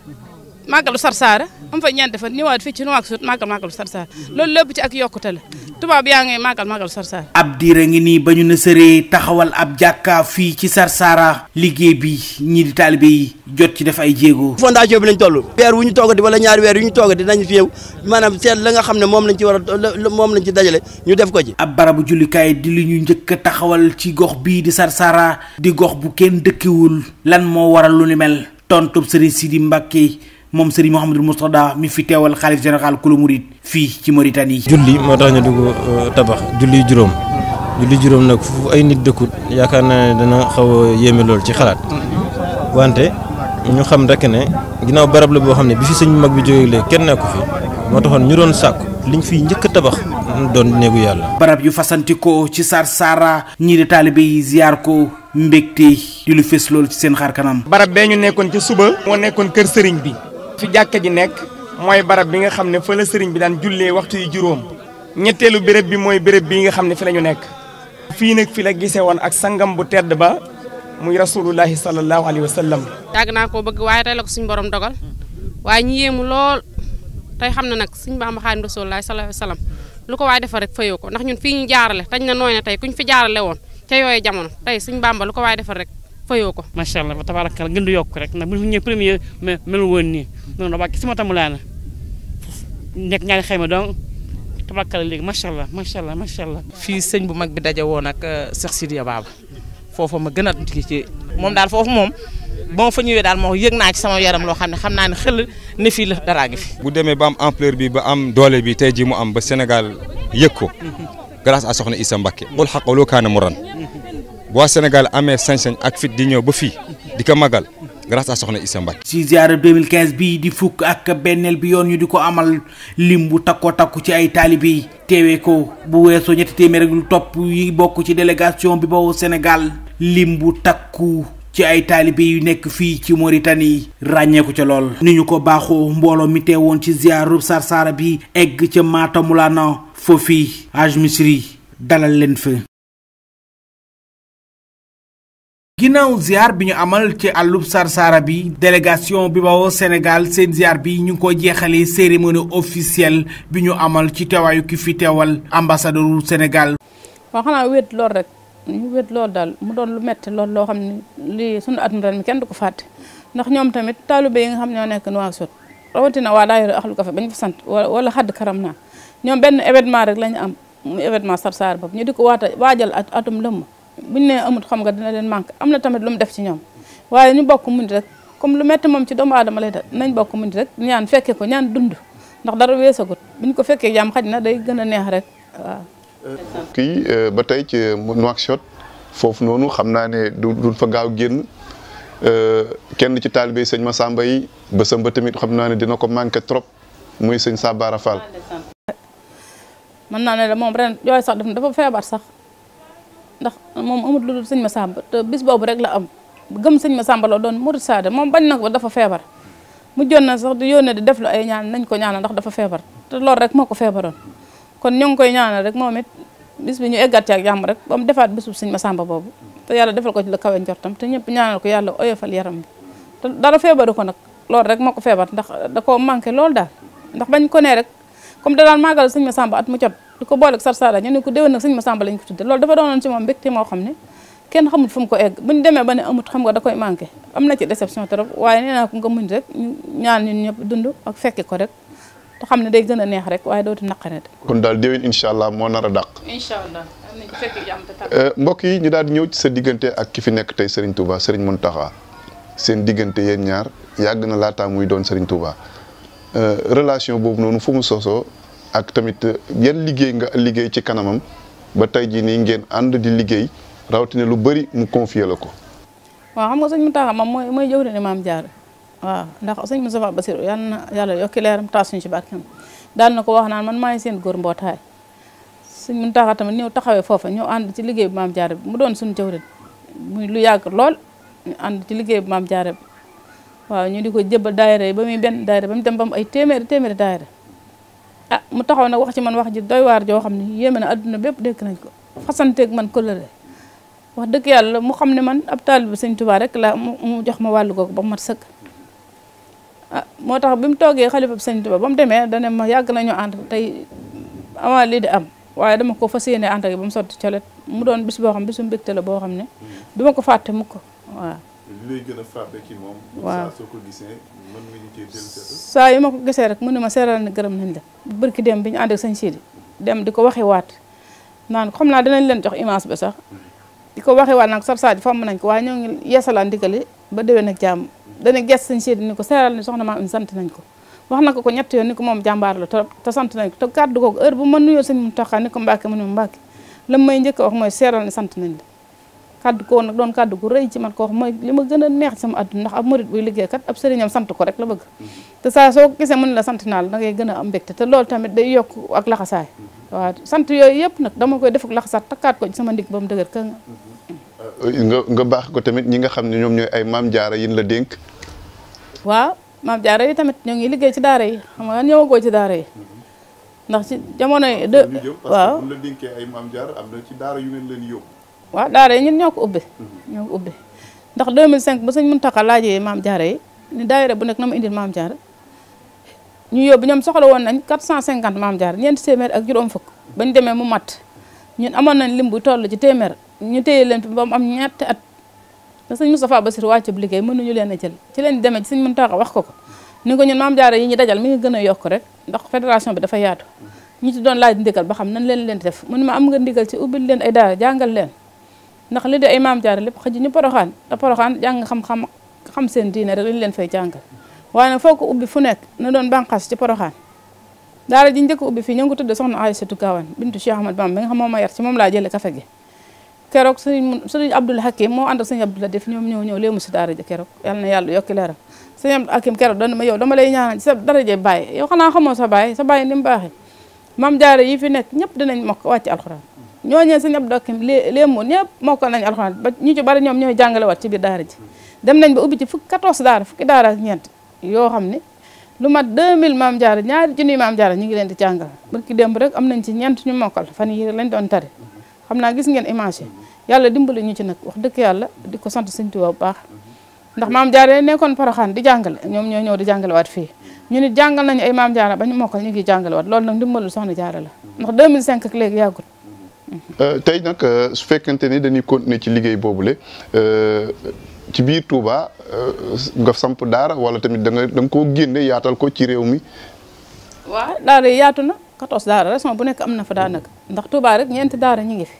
màggalu Sarsara am fa ñeenti fan ñëwaat fii ci nu waag suut màggal màggalu Sarsara loolu lépp ci ak yokkute la tubaab yaa ngay màggal màggalu Sarsara ab diir a ngi nii ba ñu na sëree taxawal ab jàkka fii ci Sarsara liggéey bi ñii di taalibe yi jot ci def ay jéego fondation bi lañ toll weer wu ñu toogati wala ñaari weer yu ñu toogati nañ fi yow maanaam seet la nga xam ne moom lañ ci war a moom lañ ci dajale ñu def ko ci ab barabu jullikaay di li ñu njëkk a taxawal ci gox bii di Sarsara di gox bu kenn dëkkiwul lan moo waral lu ni mel tontub Sëriñ Sidi Mbàkke moom sëriñ Mouhamadul Moustada mi fi teewal xalif général kulu murid fii ci Mauritanie. julli moo tax ñu dugg euh, tabax julli juróom. julli juróom nag fu ay nit dëkkut yaakaar naa ne dana xaw a yéeme lool ci xalaat. wante ñu xam rek ne ginnaaw barab la boo xam ne bi fi sëñ mag bi jógee léegi kenn nekku fi moo taxoon ñu doon sàkku li ñu fiy njëkk tabax. doon néegu yàlla. barab yu fasanti ko ci sar saara ñii di taalibe yi ziar ko mbégte di lu fës loolu ci seen xar kanam. barab ñu nekkoon ci suba. moo nekkoon kër sëriñ bi. fi jàkka ji nekk mooy barab bi nga xam ne fa la bi daan jullee waxtu yu juróom ñetteelu béréb bi mooy béréb bii nga xam ne fi lañu ñu nekk fii nag fi la gisee woon ak sangam bu tedd ba muy rasulullahi sallallahu alayhi wa sallam yàgg naa koo bëgg waaye tey la ko suñu borom dogal waaye ñu yéemu lool tey xam ne nag suñu Bamba Xaadimu rasulullahi sallallahu alayhi wa sallam lu ko waaye defal rek fayoo ko ndax ñun fii ñu jaarale tañ na nooy ne tey kuñ fi jaarale woon ca ko waaye defal rek fayoo ko macha allah tabaaraka gën di yokk rek ndax bu ñu ñëwee premier mel woon nii noonu la wàcc si ma tamu laana nekk ñaari xayma donc tabaaraka léegi macha allah macha allah macha allah. fii sëñ bu mag bi daje woon ak euh, Cheikh Sidiya Baba foofu ma gën a ci moom daal foofu moom bon fa ñëwee daal moo yëg naa ci sama yaram loo xam ne xam naa ne xel ne fii la daraa fi. bu demee ba am ampleur bi ba am doole bi tey jii mu am ba Sénégal yëg ko grâce à soxna Issa Mbacké. boo waa amee sañ-sañ ak fit di ñëw ba fii di ko magal grâce à soxna Issa Mbacké ci ziara 2015 bii di fukk ak benneel bi yoon ñu di ko amal lim bu takkoo takku ci ay taalibe yi teewee ko bu weesoo ñetti téeméer ak topp yi bokk ci délégation bi bawoo Sénégal lim bu takku ci ay taalibe yu nekk fii ci Mauritanie ràññeeku ca lool ni ñu ko baaxoo mbooloo mi teewoon ci ziaru Sarsara bi egg ca Matamulana foofii Haj Misri dalal leen fa ginnaaw ziar bi ñu amal ci àllub sarsaara bi délégation bi bawoo Sénégal seen ziar bi ñu ngi ko jeexalee cérémonie officielle bi ñu amal ci teewaayu ki fi teewal ambassadeuru Sénégal. waaw xanaa wéet lool rek ñu wéet lool daal mu doon lu metti lool loo xam ne lii sunu atum ren mi kenn du ko fàtte ndax ñoom tamit taalibe yi nga xam ñoo nekk waa Sot rawatina waa daayira Ahlu Kafe ba ñu fa sant wala xadd karam ñoom benn événement rek la ñu am mu événement sarsaara boobu ñu di ko waata waajal atum lëmm. buñ nee amut xam nga dina leen manqué am na tamit lu def ci ñoom waaye ñu bokk muñ rek comme lu metti moom ci doomu aadama lay def nañ bokk muñ rek ñaan fekkee ko ñaan dund ndax dara weesagut buñ ko fekkee jàmm xaj na day gën a neex rek waaw. kii euh, ba tey ci Nouakchott euh, foofu noonu xam naa ne du duñ fa gaaw génn euh, kenn ci taalibe sëñ Massamba yi bésam ba tamit xam naa ne dina ko manqué trop muy sëñ Sabara sax. ndax moom amul lu dul sëñ ma sàmba te bis boobu rek la am gëm sëñ ma sàmba la doon murit saada moom bañ na ko dafa feebar mujjoon na sax di yónnee di def lu ay ñaan nañ ko ñaanal ndax dafa feebar te loolu rek moo ko feebaroon kon ñoo ngi koy ñaanal rek moom it bis bi ñu ak jàmm rek ba mu defaat bisub sëñ ma sàmba boobu te yàlla defal ko ci la kawe njortam te ñëpp ñaanal ko yàlla oyofal yaram bi dara feebaru ko nag loolu rek moo ko feebar ndax da koo manqué loolu daal ndax bañ ko nee rek comme da daan màggal sëñ ma sàmba at mu jot di ko boole ak sarsaara ñu ne ko déwén nag sëñ Masamba lañ ko tudde loolu dafa doonoon ci moom mbégte moo xam ne kenn xamul fu mu ko egg buñ demee ba ne amut xam nga da koy manqué am na ci déception trop waaye nee naa ko nga muñ rek ñu ñaan ñun ko rek te xam ne day gën a neex rek waaye dootu naqaret kon daal déwén incha allah moo nar a dàq incha allah euh, mbokk yi ñu daal di ñëw ci sa diggante ak ki fi nekk tey Serigne Touba Serigne Mountakha seen diggante yéen ñaar yàgg na laataa muy doon Serigne Touba euh, relation boobu noonu fu mu soosoo ak tamit yan liggéey nga liggéey ci kanamam ba tey jii nii ngeen ànd di liggéey rawatina lu bëri mu confier la ko. waaw xam nga sëñ Mountakha moom mooy mooy jëwri ne maam Diarra waaw ndax sëñ Moustapha Bassirou yal na yàlla yokki leeram taas suñu ci barkeem daan ko wax naan man maay seen góor mbootaay sëñ Mountakha tamit ñëw taxawee foofa ñëw ànd ci liggéey bu maam Diarra bi mu doon suñu rek mu lu yàgg lool ñu ànd ci liggéey bu maam Diarra bi waaw ñu di ko jëbal daayira ba muy benn daayira ba mu dem ba mu ay téeméeri téeméeri daayira ah mu taxaw nag wax ci man wax ji doy waar joo xam ne yéeme na adduna bépp dégg nañ ko xasanteeg man kóllëre wax dëgg yàlla mu xam ne man ab taalibu sëñ Tuubaa rek laa mu jox ma wàllu googu ba mu mat sëkk a ah, moo tax bi mu toogee xalifa bi sëñ Tuubaa ba mu demee dane ma yàgg nañu ànd tey avant lii am waaye dama ko fas yéene ànd ak ba mu sotti colet mu doon bis boo xam bisu mbégte la boo xam ne mm. duma ko fàtte mukk waaw waaw saa yi ma ko gisee rek mu ma seeral na gërëm nañ la. barki dem bi ñu ànd ak sañ dem di ko waxi waat naan xam naa dinañ leen jox image ba sax di ko waxi waat nag sab saadi fomm nañ ko waaye ñoo ngi yeesalaan digali ba déwén ak jàmm dana ges sañ Sidi ni ko seeral ni soxna maam sant nañ ko. wax na ko ko ñett yoon ni ko moom jàmbaar la trop te sant nañ ko te kàddu googu heure bu ma nuyoo sëñ mu taxaa ni ko mbàkke mu ne mbàkke la may njëkk wax mooy seeral ni sant nañ la kaddu ko nag doon kaddu gu rëy ci man ko xam mooy li ma gën a neex sama àdduna ndax ab murit buy liggéey kat ab sëriñam sant ko rek la bëgg mhm. te saaso soo gisee mën la sant naal la da gën a am mbégte te loolu tamit day yokk ak laxasaay mhm. waaw sant yooyu yëpp nag dama koy def ak laxasaay takkaat ko ci sama ndig ba mu dëgër ka mhm. nga nga baax ko tamit ñi nga xam ne ñoom ñooy ay maam jaara yin la dénk waaw maam jaara yi tamit ñoo ngi liggéey ci daara yi xam nga ñëwagoo ci daara yi ndax ci jamono yi de ay maam jaara am na ci daara waaw daare yi ñun ñoo ko ubbi ñoo ko ubbi ndax 2005 ba sëñ Muntaxa laajee maam jaare yi ni daayira bu nekk na ma indil maam jaare ñu yóbbu ñoom soxla woon nañ 450 maam jaare ñeenti téeméer ak juróom fukk bañ demee mu mat ñun amoon nañ lim bu toll ci téeméer ñu téye leen fi ba mu am ñetti at te sëñ Moustapha Bassirou wàcc bu leen a ci leen demee ci sëñ Muntaxa wax ko ko ni ko ñun maam jaare yi ñu gën a yokk rek ndax fédération bi dafa yaatu ñi doon laaj ndigal ba xam nan leen leen def mu ne ma am nga ndigal ci ubbil leen ay daara leen ndax li di ay maam jaar lépp xëj ñu poroxaan te poroxaan jàng xam-xam xam seen diine rek lañ leen fay jàngal waaye nag ubbi fu nekk na doon bànqaas ci poroxaan daara ji njëkk ubbi fii ñu bintu Cheikh Ahmad Bamba bi nga xam moo ma yar ci moom laa jële kafe gi keroog sëriñ sëriñ Hakim moo ànd ak sëriñ Abdoul ñoom ñëw ñëw léemu si daara ji keroog yàlla na yàlla yokki leeram Hakim keroog doon ma yow dama lay ñaanal sa daraje bàyyi yow xanaa xamoo sa bàyyi sa bàyyi ni mu baaxee maam jaare yi fi nekk ñëpp dinañ mokk wàcc alxuraan ñooñu sëñ Abdou Karim léemu ñëpp mokkal nañu alxuraan ba ñu ci bari ñoom ñooy jàngalewaat ci biir daara ji dem nañ ba ubbi ci fukki 14 daara fukki daara ak yoo xam ne lu mat 2000 maam jaara ñaari junniy maam jaara ñu ngi leen di jàngal barki démb rek am nañ ci ñeent ñu mokkal doon tari xam gis ngeen image yi yàlla ñu ci nag wax dëgg yàlla di ko sant sëñ Tuubaa bu baax ndax maam jaara nekkoon Poroxaan di jàngale ñoom ñoo ñëw di jàngalewaat fii ñu nit jàngal nañu ay maam jaara ba ñu mokkal ñu ngi jàngalewaat loolu la ndax 2005 ak léegi yàggut Euh, tey nag euh, su fekkante ni dañuy continuer ci liggéey boobu le boobule euh, ci biir Touba nga samp daara wala tamit da nga da nga yaatal ko ci réew mi. waaw daara yaatu na 14 daara région bu nekk am na fa daanaka ndax Touba rek ñeenti daara ñu ngi fi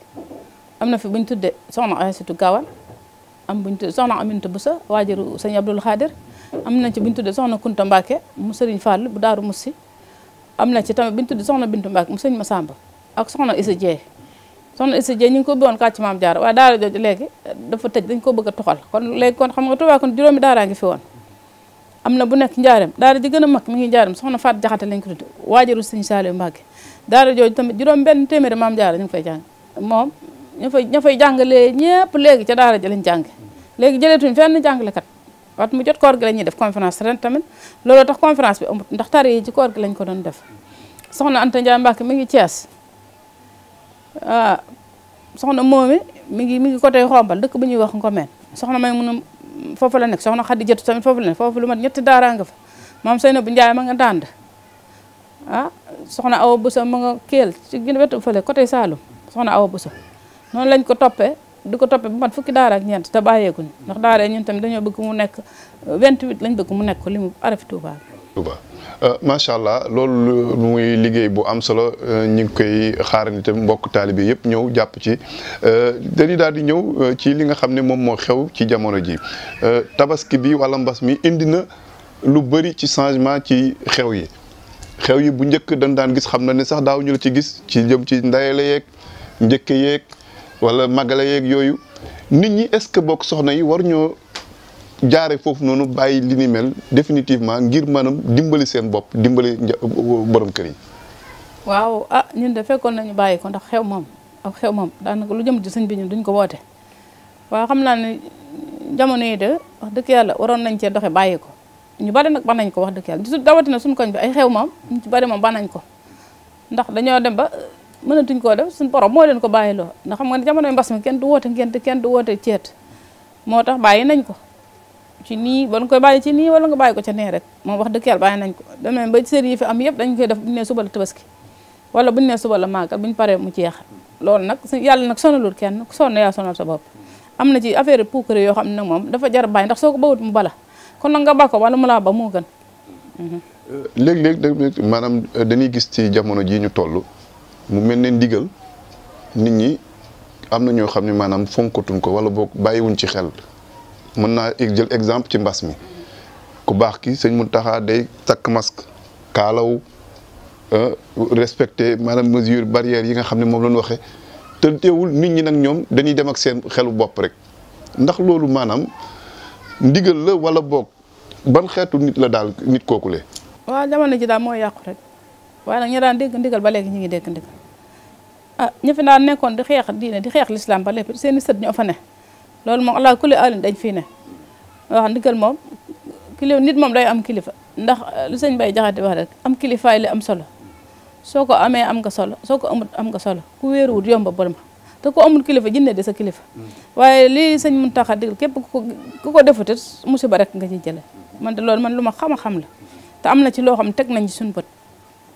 am na fi bu ñu tuddee soxna Aysatu am bu ñu soxna Aminta Bussa waajuru sëñ Abdul am na ci bu tuddee soxna Kunta Mbacke mu sëriñ Fall bu daaru Moussi am na ci tamit bu ñu tuddee soxna Bintu Mbacke mu ma Massamba ak soxna Isa Dieye. soxna Issa Dieng ñu ngi ko ubbi woon kàcc maam Jaara waaye daara jooju dafa tëj dañ ko bëgg a tuxal kon léegi kon xam nga Tuubaa kon juróomi daaraa ngi fi woon am na bu nekk njaareem daara ji gën a mag mi ngi njaareem soxna Faat Jaxate lañ ko tudd waajaru Sëñ Saaliw Mbàkke daara jooju tamit juróom benn téeméeri maam Jaara ñu ngi fay jàng moom ñu fay ñu fay jàngalee ñëpp léegi ca daara ji lañ jànge léegi jëleetuñ fenn jàngalekat wat mu jot koor gi la ñuy def conférence ren tamit looloo tax conférence bi amut ndax tari yi ci koor lañ ko doon def soxna Anta Ndiaye Mbàkke mi ngi Cees ah soxna Moome mi ngi mi ngi côté Xombal dëkk bu ñuy wax Ngomeen soxna may mun foofu la nekk soxna Xadi Jëtu tamit foofu la nekk foofu lu mat ñetti daara nga fa maam Seyna bu Njaay ma nga dànd ah soxna Awa Buso ma nga Keel ci gën wetu fële côté Saalum soxna Awa Buso noonu lañ ko toppee du ko toppee bu mat fukki daara ak ñeent te bàyyeekuñ ndax daara ñun tamit dañoo bëgg mu nekk 28 lañ bëgg mu nekk li mu arafi Touba Euh, macha allah loolu muy liggéey bu am solo euh, ñu ngi koy xaarandi tam mbokk taalibe yëpp ñëw jàpp ci euh, dañuy daal di ñëw ci li nga xam ne moom moo xew ci jamono ji tabaski bi wala mbas mi indi na lu bëri ci changement ci xew yi xew yi bu njëkk dañ daan gis xam na ne sax daaw ñu la ci gis ci jëm ci ndayale yeeg njëkk yeeg wala magale yeeg yooyu nit ñi est-ce que bokk soxna yi war ñoo jaare foofu noonu bàyyi li ni mel définitivement ngir maanaam dimbali seen bopp dimbali borom kër waaw a ah, ñun de fekkoon nañu bàyyi ko ndax xew moom ak xew moom daanaka lu jëm ci sëñ bi ñun duñ ko woote waaw xam naa ne jamono yi de wax dëgg yàlla waroon nañ cee doxe bàyyi ko ñu bari nag ban nañ ko wax dëgg yàlla gisul dawatina suñ koñ bi ay xew moom ñu ci bari moom ban nañ ko ndax dañoo dem ba mënatuñ koo def suñ borom moo leen ko bàyyiloo ndax xam nga ne jamono mbas mi kenn du woote ngent kenn du woote ceet moo tax bàyyi nañ ko ci nii ba nga koy bàyyi ci nii wala nga bàyyi ko ca nee rek moom wax dëgg yàlla bàyyi nañ ko demee ba sër yi fi am yëpp dañ koy def buñ ne suba la tabaski wala buñ ne suba la màggal buñ paree mu ceex loolu nag yàlla nag sonalul kenn ku sonn yaa sonal sa bopp am na ci affaire puukare yoo xam ne nag moom dafa jar bàyyi ndax soo ko bawut mu bala kon nag nga ba ko wala mu laa ba moo gën mhm. euh, léeg-léeg da maanaam euh, dañuy gis ci jamono jii ñu toll mu mel ne ndigal nit ñi am na ñoo xam ne maanaam fonkatuñ ko wala boog bàyyiwuñ ci xel mën naa jël exemple ci mbas mi ku baax ki sëñ Mountakha day takk mask kaalaw euh, respecté maanaam mesure barrière yi nga xam ne moom la ñu waxee te teewul nit ñi nag ñoom dañuy dem ak seen xelu bopp rek ndax loolu maanaam ndigal la wala boog ban xeetu nit la daal nit kooku le waa jamono ji daal mooy yàqu rek waaye nag ñu daan ndigal ba léegi ñu ngi dekk ndigal ah ñi naa daan nekkoon di xeex diine di xeex lislaam ba lépp seen i sët ñoo fa ne loolu moom allah kulli alin dañ fii ne wax ndigal moom kilifa nit moom day am kilifa ndax lu sëñ Baye Jaxate wax rek am kilifaay li am solo soo ko amee am nga solo soo ko amut am nga solo ku wéeruwut yomba borom te ku amul kilifa jinne di sa kilifa mm. waaye lii sëñ Muntaxa digal képp ku ko defut it musiba rek nga ciy jële man de loolu man lu ma xam a xam la te am na ci loo xam teg nañ ci suñu bët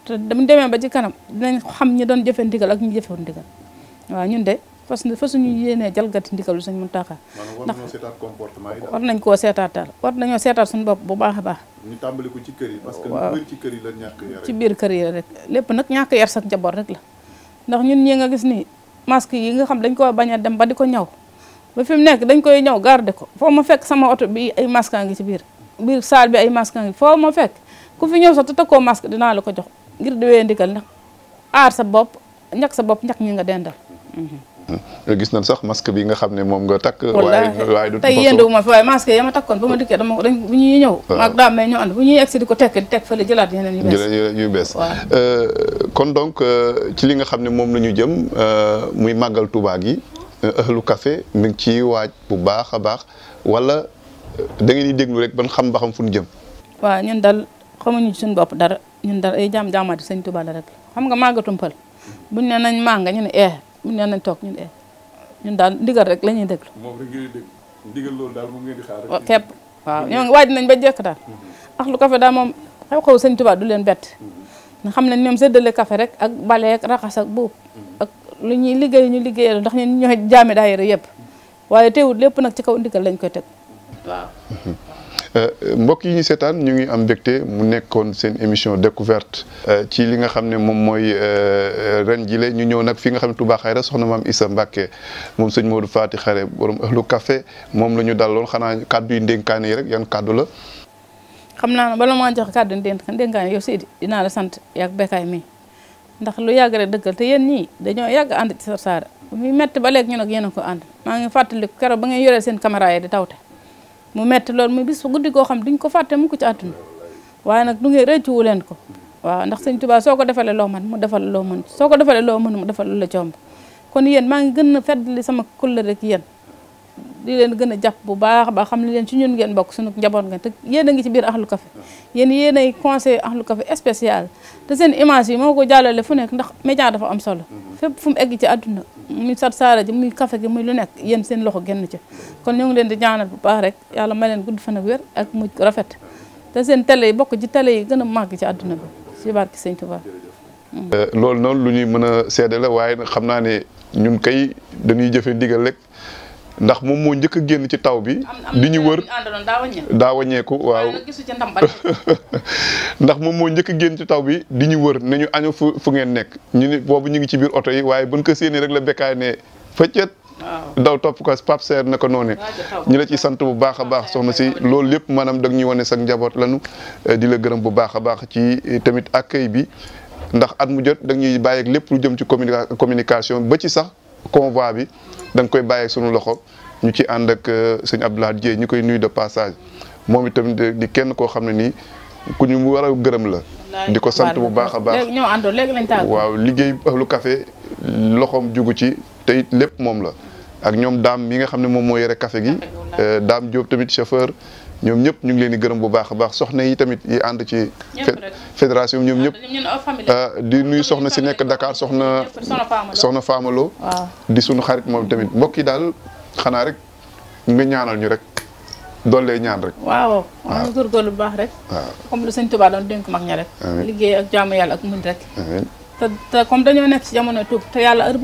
te dam demee ba ci kanam dinañ xam ñi doon jëfe ndigal ak ñi jëfewul ndigal ñun de parce que fa suñu yéenee jalgati ndigalu sëñ Muntaxa ndax war nañ koo seetaatal war nañoo seetaat suñu bopp bu baax a baax ko ci kër ci biir kër yi rek lépp nag ñàkk yar sax njaboot rek la ndax ñun ñii nga gis ni masque yi nga xam dañ koo bañ a dem ba di ko ñaw ba fi mu nekk dañ koy ñaw garde ko foo ma fekk sama oto bi ay maskaa ngi ci biir biir saal bi ay maskaa ngi foo ma fekk ku fi ñëw sax te takkoo masque dinaa la ko jox ngir diwee ndigal ndax aar sa bopp ñàkk sa bopp ñàkk ñi nga dendal mm-hmm. Mm-hmm. gis nañ sax masque bi nga xam ne moom nga takk. waaye waaye du tey yéenduwuma fi waaye masque yi ma takkoon ba ma dikkee dama ko dañ ñuy ñëw. waaw maag daam may ñoo ànd bu ñuy egsi di ko tekk di teg fële jëlaat yeneen yu bees. Euh, kon donc euh, ci li nga xam ne moom la ñu jëm euh, muy màggal Tuubaa gi ahlu café mi ngi ciy waaj bu baax a baax wala dangeen ngeen déglu rek ban xam ba xam fu ñu jëm. waa ñun dal xamuñu suñu bopp dara ñun dal ay jaam jaamaati sëñ Tuubaa la rek xam nga màggatum pël buñ ne nañ mànga ñu ne eh mu nee toog ñu de ñun daal ndigal rek la ñuy déglu. moom rek ngeen di waaw waaj nañ ba jekk daal. ak lu café daa moom xew-xew sëñ Tuubaa du leen bett. Mm-hmm. nga xam ne ñoom séddale kafe rek ak bale ak raxas buub. Mm-hmm. ak lu ñuy liggéey ñu liggéeyal ndax ñun ñooy jaami daayira yëpp mm-hmm. waaye teewul lépp nag ci kaw ndigal lañ koy teg waaw. Euh, mbokk yi ñu seetaan ñu ngi am mbégte mu nekkoon seen émission découverte euh, ci li nga xam ne moom mooy euh, ren jile ñu ñëw nag fi nga xam ne Touba Xayra soxna maam Issa Mbacke moom sëñ Modou Faty Xare borom ëllu café moom la ñu daloon xanaa kàddu yi ndénkaan yi rek yan kàddu la. xam naa ne bala maa jox kàddu ndénkaan yow Seydi dinaa la sant yaak bekkaay mi ndax lu yàgg rek dëggal te yéen ñii da yàgg ànd ci Sarsara bu muy metti ba léegi ñu nag yéen a ko ànd maa ngi fàttali keroog ba ngeen yoree seen caméra yi di tawte mu metti loolu muy bis bu guddi goo xam duñ ko fàtte mu ko ci àdduna waaye nag du ngeen rëccuwu leen ko waaw ndax sëñ Tuubaa soo ko defalee loo man mu defal loo mën soo ko defalee loo mën mu defal la comb kon yéen maa ngi gën na a feddali sama kóllëre ak yéen di leen gën a jàpp bu baax ba xam ne leen ci ñun ngeen bokk suñu njaboot ngeen te yéen a ngi ci biir Akhlou Café yéen yéen ay conseil Akhlou spécial te seen image yi moo ko jàllale fu nekk ndax média dafa am solo mhm. fépp fu mu egg ci àdduna muy sar saara ji muy café gi muy nekk yéen seen loxo génn ci kon ñoo ngi leen di ñaanal bu baax rek yàlla may leen gudd fan ak wér ak mujj ko rafet te seen télé yi bokk ci tele yi gën a màgg ci àdduna bi ci barke Sëñ Tuubaa euh, loolu noonu lu ñuy mën a seede la waaye xam naa ne ñun kay dañuy jëfe ndigal rek ndax moom moo njëkk a génn ci taw bi. di ñu wër daa waññeeku *laughs* waaw *laughs* ndax moom moo njëkk a génn ci taw bi di ñu wër ne ñu añu fu fu ngeen nekk ñu ni boobu ñu ngi ci biir oto yi waaye buñ ko séenee rek la bekkaay ne fëccet daw topp ko Pape Seer na ko noone ñu la ci sant bu baax a baax soxna si loolu lépp maanaam dag ñuy wane sax njaboot lanu eh, di la gërëm bu baax a baax ci eh, tamit accueil bi ndax at mu jot dag ñuy bàyyi lépp lu jëm ci communication ba ci sax convoi bi da nga koy bàyyi suñu loxo ñu ci ànd ak euh, sëñ Abdoulaye Dieye ñu koy nuyu de passage moom tamit di kenn koo xam ne nii ku ñu war gërëm la. di ko sant bu baax a baax waaw liggéey Euhlou Café loxoom jugu ci te it lépp moom la ak ñoom daam mi nga xam ne moom moo yore kafe gi euh, daam Diop tamit chauffeur. ñoom ñëpp ñu ngi leen di gërëm bu baax a baax soxna yi tamit yi ànd ci fédération ñoom ñëpp ah, di nuyu soxna si nekk Dakar soxna soxna Faamalo di suñu xarit moom tamit mbokk yi daal xanaa rek nga ñaanal ñu rek doole ñaan rek waaw waaw góorgóorlu bu baax rek comme lu sëñ Tuubaa rek liggéey comme dañoo nekk ci jamono mhm.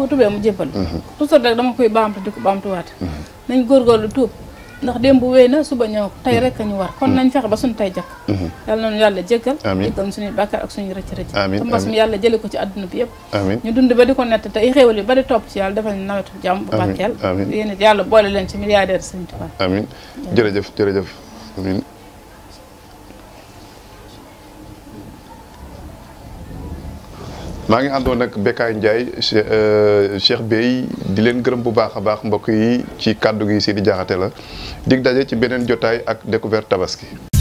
koy baamtu di ko baamtuwaat mhm. nañ góorgóorlu ndax démb wéy na suba ñëw tey rek ñu war kon mm-hmm. nañ fexe ba suñu tey jakk mm-hmm. yàlla nañu yàlla jéggal jéggal suñuy bàkkaar ak suñuy rëcc rëcc te mbas mi yàlla jële ko ci àdduna bi yëpp ñu dund ba di ko nett te i xéewal yi ba di topp ci yàlla defal ñu nawetu jàmm bu barkeel yéen yàlla boole leen ci milliardaire Sëriñ Tuubaa amiin jërëjëf jërëjëf amiin maa ngi àndoon ak Bekkaay Ndiaye euh, Cheikh Bey di leen gërëm bu baax a baax mbokk yi ci kàddu gi si di jaaxate la dig daje ci beneen jotaay ak découverte tabaski.